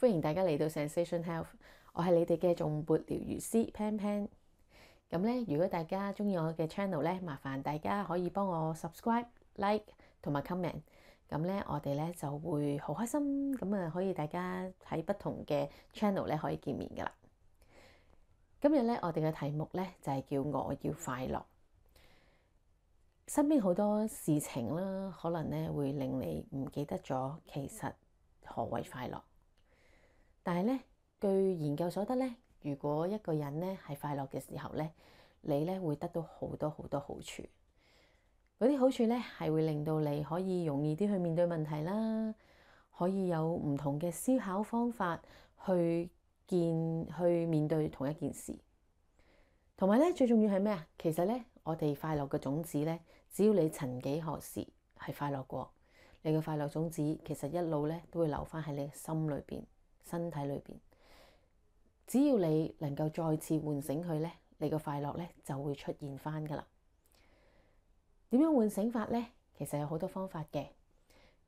歡迎大家嚟到 Zensation Health，我係你哋嘅頌缽療癒師 Pan Pan。咁咧，如果大家中意我嘅 channel 咧，麻煩大家可以幫我 subscribe、like 同埋 comment。咁咧，我哋咧就會好開心。咁啊，可以大家喺不同嘅 channel 咧可以見面噶啦。今日咧，我哋嘅題目咧就係叫我要快樂。身邊好多事情啦，可能咧會令你唔記得咗，其實何謂快樂？但係咧，據研究所得咧，如果一個人咧係快樂嘅時候咧，你咧會得到好多好多好處。嗰啲好處咧係會令到你可以容易啲去面對問題啦，可以有唔同嘅思考方法去見去面對同一件事。同埋咧，最重要係咩啊？其實咧，我哋快樂嘅種子咧，只要你曾幾何時係快樂過，你嘅快樂種子其實一路咧都會留返喺你心裏邊。身體裏邊，只要你能夠再次喚醒佢咧，你個快樂咧就會出現翻噶啦。點樣喚醒法咧？其實有好多方法嘅。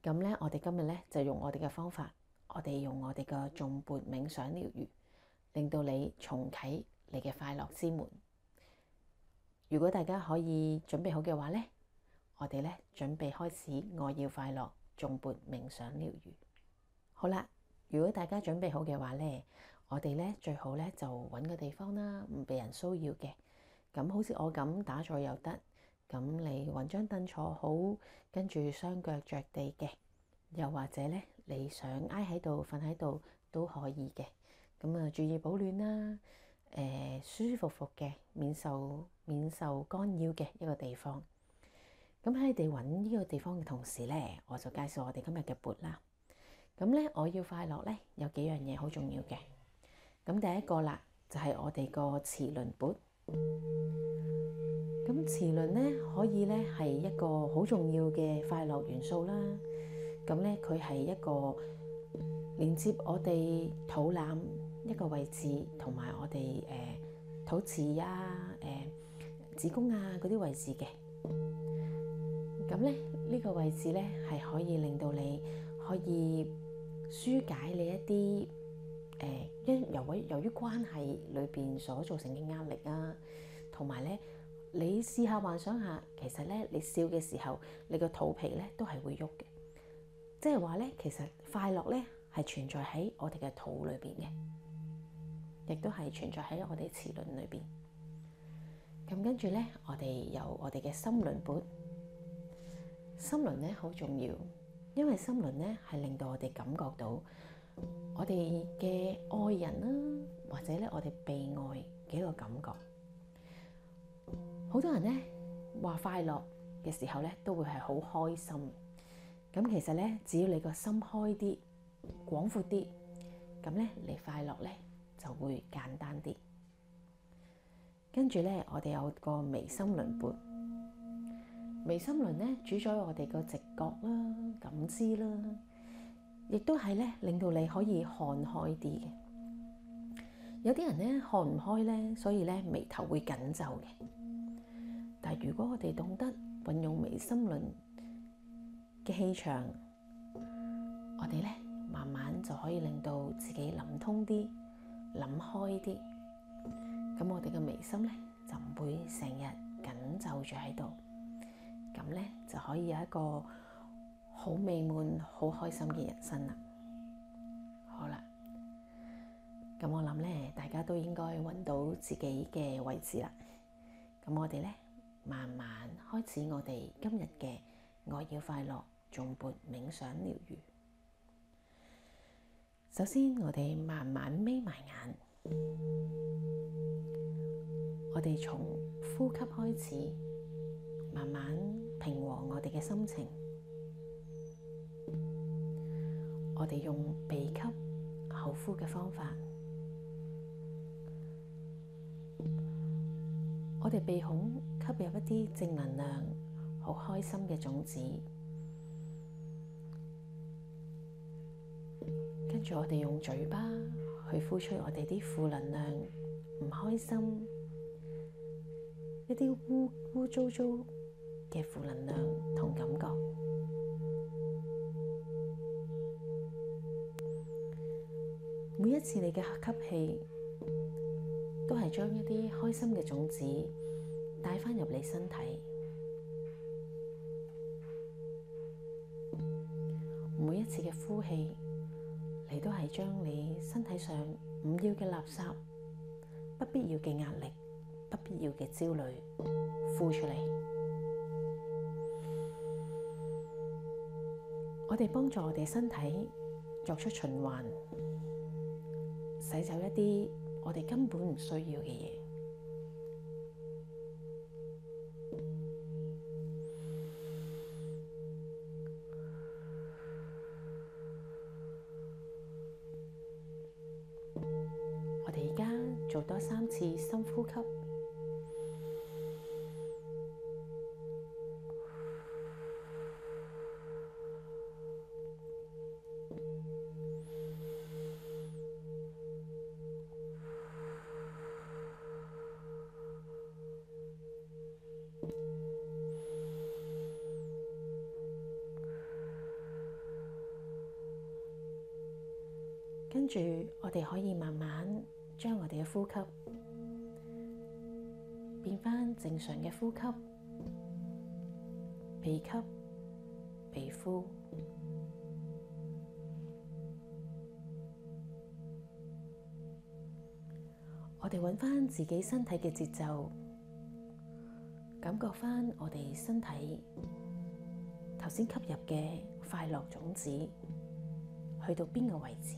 咁咧，我哋今日咧就用我哋嘅方法，我哋用我哋嘅頌缽冥想療癒，令到你重啟你嘅快樂之門。如果大家可以準備好嘅話咧，我哋咧準備開始。我要快樂，頌缽冥想療癒。好啦。如果大家準備好嘅話咧，我哋咧最好咧就揾個地方啦，唔被人騷擾嘅。咁好似我咁打坐又得，咁你揾張凳坐好，跟住雙腳着地嘅。又或者咧，你想挨喺度瞓喺度都可以嘅。咁啊，注意保暖啦，誒、呃、舒舒服服嘅，免受免受干擾嘅一個地方。咁喺你哋揾呢個地方嘅同時咧，我就介紹我哋今日嘅缽啦。咁咧，我要快樂咧，有幾樣嘢好重要嘅。咁第一個啦，就係我哋個臍輪缽。咁臍輪咧可以咧係一個好重要嘅快樂元素啦。咁咧佢係一個連接我哋肚腩一個位置，同埋我哋誒肚臍啊、誒子宮啊嗰啲位置嘅。咁咧呢個位置咧係可以令到你可以。疏解你一啲誒因由委由於關係裏邊所造成嘅壓力啊，同埋咧，你試下幻想下，其實咧你笑嘅時候，你個肚皮咧都係會喐嘅，即係話咧，其實快樂咧係存在喺我哋嘅肚裏邊嘅，亦都係存在喺我哋嘅臍輪裏邊。咁跟住咧，我哋由我哋嘅心輪撥，心輪咧好重要。因為心輪咧，係令到我哋感覺到我哋嘅愛人啦，或者咧我哋被愛嘅一個感覺。好多人咧話快樂嘅時候咧，都會係好開心。咁其實咧，只要你個心開啲、廣闊啲，咁咧你快樂咧就會簡單啲。跟住咧，我哋有個眉心輪缽。眉心輪咧，主宰我哋個直覺啦、感知啦，亦都係咧令到你可以看開啲嘅。有啲人咧看唔開咧，所以咧眉頭會緊皺嘅。但係如果我哋懂得運用眉心輪嘅氣場，我哋咧慢慢就可以令到自己諗通啲、諗開啲，咁我哋嘅眉心咧就唔會成日緊皺住喺度。咁咧就可以有一個好美滿、好開心嘅人生啦。好啦，咁我諗咧，大家都應該揾到自己嘅位置啦。咁我哋咧慢慢開始，我哋今日嘅我要快樂頌缽冥想療癒。首先，我哋慢慢眯埋眼，我哋從呼吸開始，慢慢。平和我哋嘅心情，我哋用鼻吸、口呼嘅方法，我哋鼻孔吸入一啲正能量，好開心嘅種子，跟住我哋用嘴巴去呼出我哋啲負能量、唔開心、一啲污污糟糟嘅負能量同感覺，每一次你嘅吸氣都係將一啲開心嘅種子帶返入你身體；每一次嘅呼氣，你都係將你身體上唔要嘅垃圾、不必要嘅壓力、不必要嘅焦慮呼出嚟。我哋幫助我哋身體作出循環，洗走一啲我哋根本唔需要嘅嘢。我哋而家做多三次深呼吸。住，我哋可以慢慢將我哋嘅呼吸變翻正常嘅呼吸，鼻吸鼻呼。我哋揾翻自己身體嘅節奏，感覺翻我哋身體頭先吸入嘅快樂種子去到邊個位置。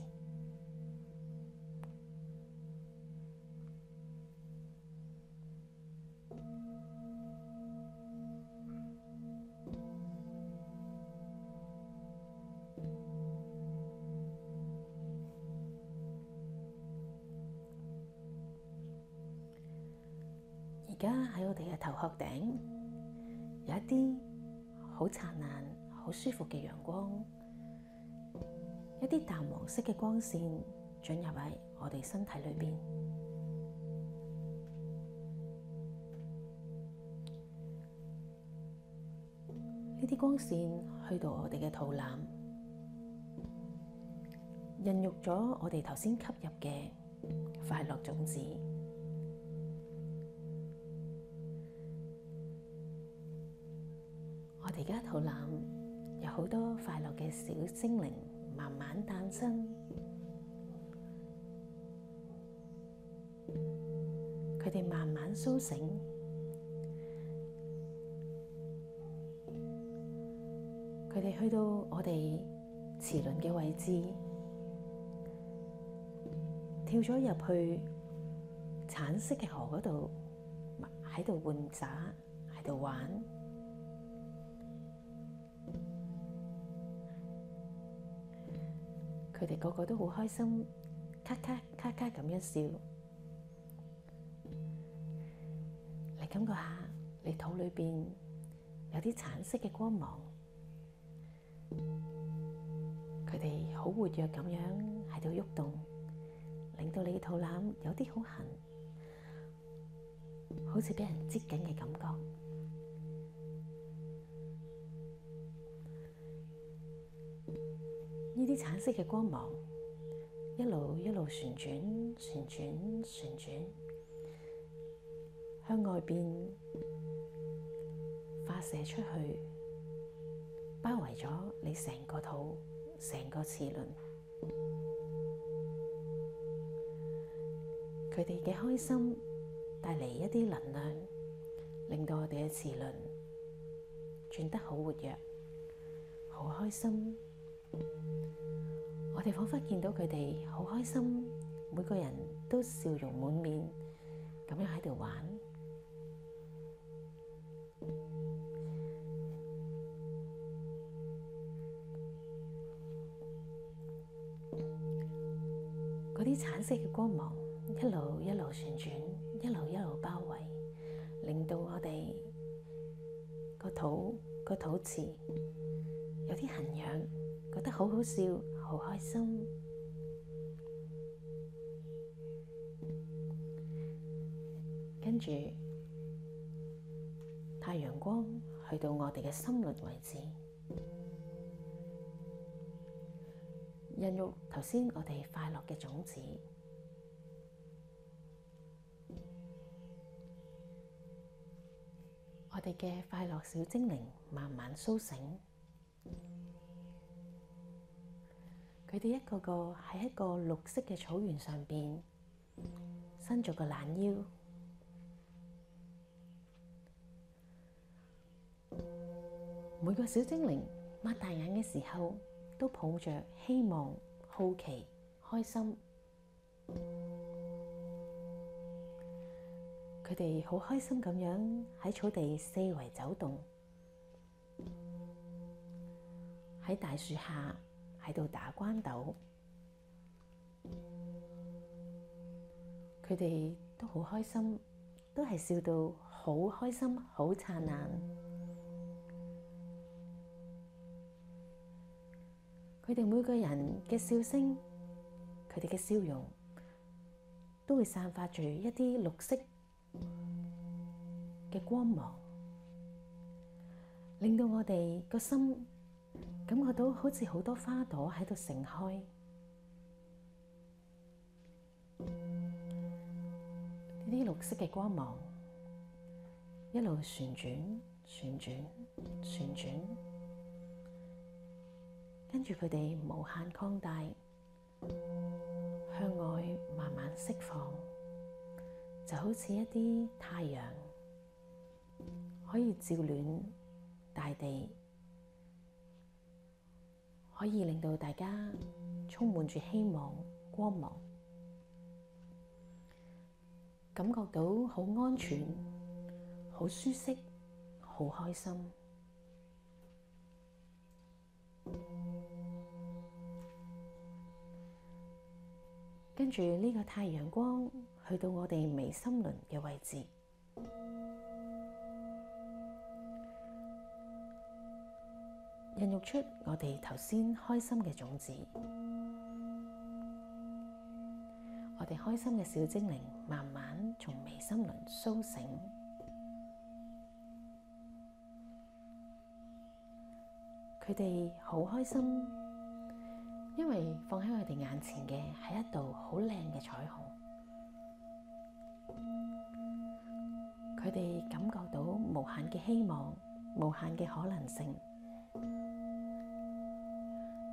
有一啲好燦爛、好舒服嘅陽光，有一啲淡黃色嘅光線進入喺我哋身體裏邊，呢啲光線去到我哋嘅肚腩，孕育咗我哋頭先吸入嘅快樂種子。而家肚腩有好多快樂嘅小精靈慢慢誕生，佢哋慢慢蘇醒，佢哋去到我哋臍輪嘅位置，跳咗入去橙色嘅河嗰度，喺度玩耍，喺度玩。佢哋個個都好開心，卡卡卡卡咁樣笑。你感覺下，你肚裏邊有啲橙色嘅光芒。佢哋好活躍咁樣喺度喐動，令到你嘅肚腩有啲好痕，好似俾人擠緊嘅感覺。色嘅光芒一路一路旋轉旋轉旋轉，向外邊發射出去，包圍咗你成個肚成個臍輪。佢哋嘅開心帶嚟一啲能量，令到我哋嘅臍輪轉得好活躍，好開心。我哋仿佛見到佢哋好開心，每個人都笑容滿面，咁樣喺度玩。嗰啲橙色嘅光芒一路一路旋轉，一路一路包圍，令到我哋個，個肚個肚臍。好好笑，好開心，跟住太陽光去到我哋嘅心輪位置，孕育頭先我哋快樂嘅種子，我哋嘅快樂小精靈慢慢蘇醒。佢哋一個個喺一個綠色嘅草原上邊伸咗個懶腰，每個小精靈擘大眼嘅時候都抱着希望、好奇、開心。佢哋好開心咁樣喺草地四圍走動，喺大樹下。喺度打關鬥，佢哋都好開心，都係笑到好開心、好燦爛。佢哋每個人嘅笑聲，佢哋嘅笑容，都會散發住一啲綠色嘅光芒，令到我哋個心，感覺到好似好多花朵喺度盛開，呢啲綠色嘅光芒一路旋轉、旋轉、旋轉，跟住佢哋無限擴大，向外慢慢釋放，就好似一啲太陽可以照暖大地。可以令到大家充滿住希望、光芒，感覺到好安全、好舒適、好開心。跟住呢個太陽光去到我哋眉心輪嘅位置。孕育出我哋頭先開心嘅種子，我哋開心嘅小精靈慢慢從眉心輪甦醒，佢哋好開心，因為放喺我哋眼前嘅係一道好靚嘅彩虹，佢哋感覺到無限嘅希望，無限嘅可能性。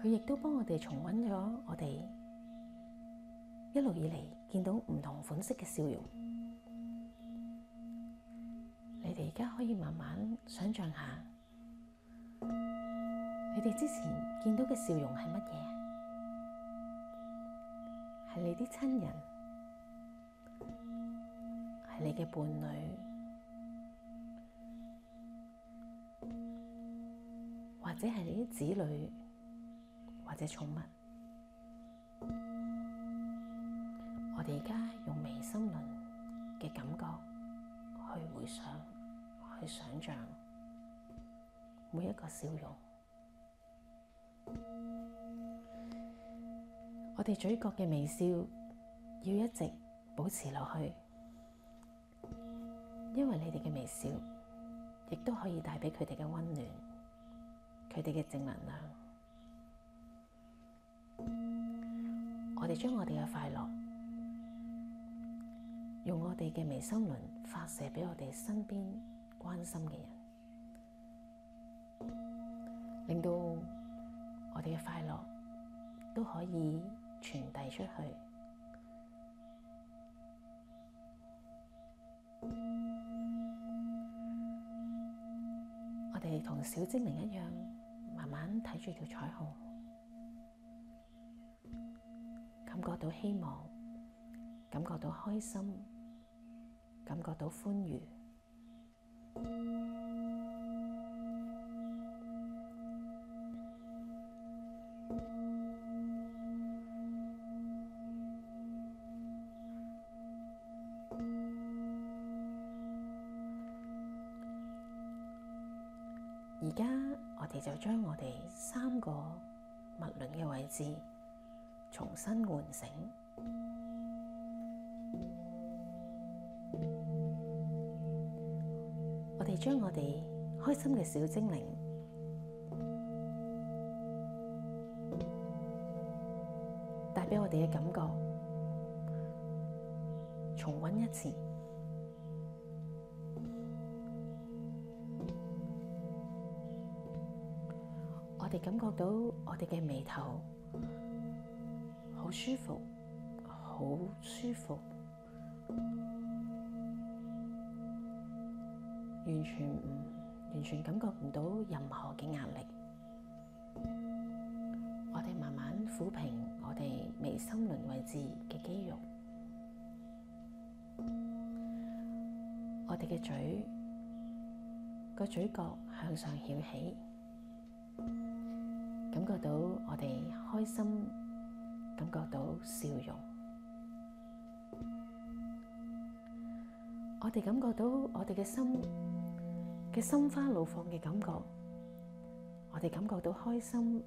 佢亦都幫我哋重溫咗我哋一路以嚟見到唔同款式嘅笑容。你哋而家可以慢慢想像下，你哋之前見到嘅笑容係乜嘢？係你啲親人，係你嘅伴侶，或者係你啲子女。或者寵物，我哋而家用眉心輪嘅感覺去回想，去想象每一個笑容。我哋嘴角嘅微笑要一直保持落去，因為你哋嘅微笑亦都可以帶俾佢哋嘅溫暖，佢哋嘅正能量。我哋將我哋嘅快樂，用我哋嘅眉心輪發射俾我哋身邊關心嘅人，令到我哋嘅快樂都可以傳遞出去。我哋同小精靈一樣，慢慢睇住條彩虹。感覺到希望，感覺到開心，感覺到歡愉。而家我哋就將我哋三個脈輪嘅位置。重新喚醒，我哋將我哋開心嘅小精靈帶俾我哋嘅感覺，重溫一次。我哋感覺到我哋嘅眉頭。好舒服，好舒服，完全唔，完全感覺唔到任何嘅壓力。我哋慢慢撫平我哋眉心輪位置嘅肌肉，我哋嘅嘴個嘴角向上翹起，感覺到我哋開心。感覺到笑容，我哋感覺到我哋嘅心嘅心花怒放嘅感覺，我哋感覺到開心，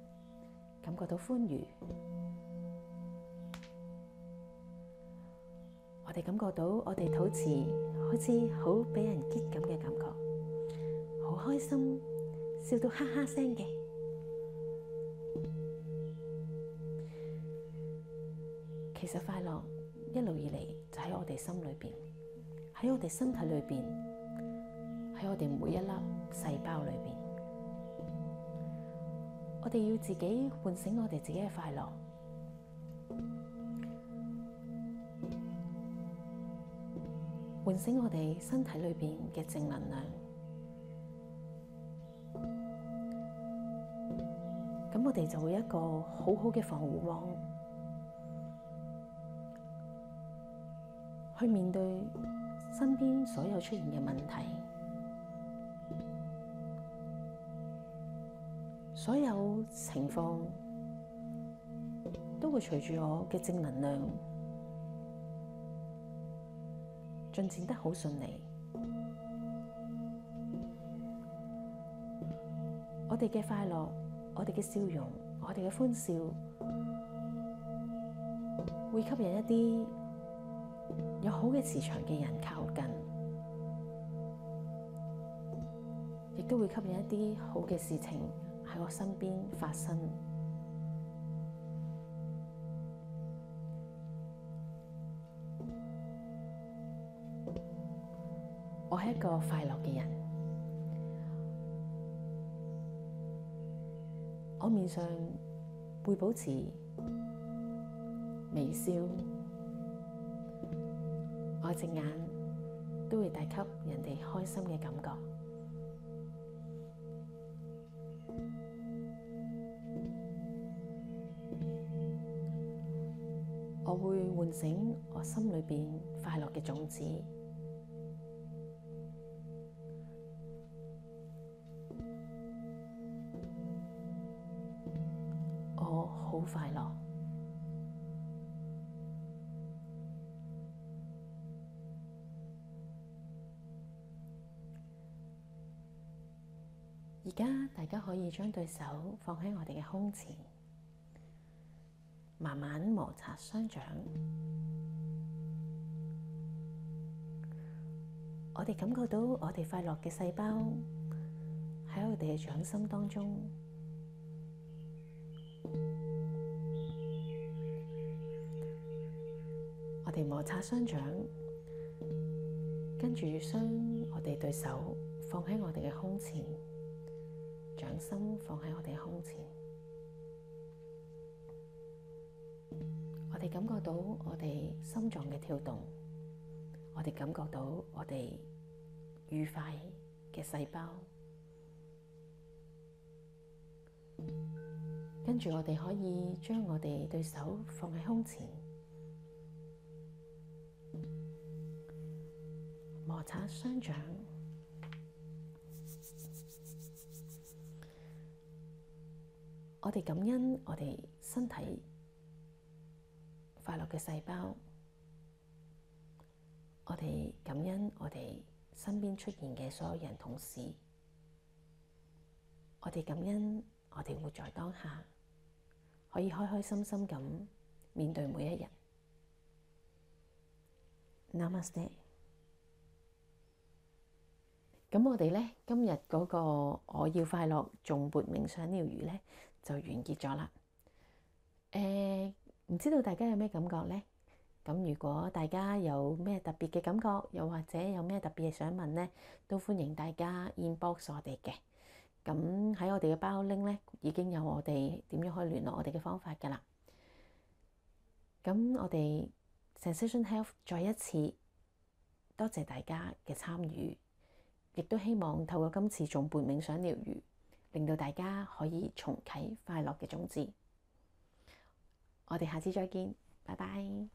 感覺到歡愉，我哋感覺到我哋肚臍好似好俾人激咁嘅感覺，好開心，笑到哈哈聲嘅。其實快樂一路以嚟就喺我哋心裏邊，喺我哋身體裏邊，喺我哋每一粒細胞裏邊。我哋要自己喚醒我哋自己嘅快樂，喚醒我哋身體裏邊嘅正能量。咁我哋就會有一個好好嘅防護網。去面對身邊所有出現嘅問題，所有情況都會隨住我嘅正能量進展得好順利。我哋嘅快樂，我哋嘅笑容，我哋嘅歡笑，會吸引一啲。有好嘅磁場嘅人靠近，亦都會吸引一啲好嘅事情喺我身邊發生。我係一個快樂嘅人，我面上會保持微笑。我隻眼都會帶給人哋開心嘅感覺，我會喚醒我心裏邊快樂嘅種子。將對手放喺我哋嘅胸前，慢慢摩擦雙掌。我哋感覺到我哋快樂嘅細胞喺我哋嘅掌心當中。我哋摩擦雙掌，跟住將我哋對手放喺我哋嘅胸前。掌心放喺我哋胸前，我哋感覺到我哋心臟嘅跳動，我哋感覺到我哋愉快嘅細胞，跟住我哋可以將我哋對手放喺胸前，摩擦雙掌。我哋感恩我哋身體快樂嘅細胞，我哋感恩我哋身邊出現嘅所有人，同時我哋感恩我哋活在當下，可以開開心心咁面對每一日。Namaste。咁我哋咧今日嗰個我要快樂頌缽冥想療癒咧就完結咗啦。誒唔知道大家有咩感覺咧？咁如果大家有咩特別嘅感覺，又或者有咩特別嘅想問咧，都歡迎大家 inbox 我哋嘅。咁喺我哋嘅 Bio Link 咧已經有我哋點樣可以聯絡我哋嘅方法噶啦。咁我哋 Zensation Health 再一次多謝大家嘅參與。亦都希望透過今次頌缽冥想療愈，令到大家可以重啟快樂嘅種子。我哋下次再見，拜拜。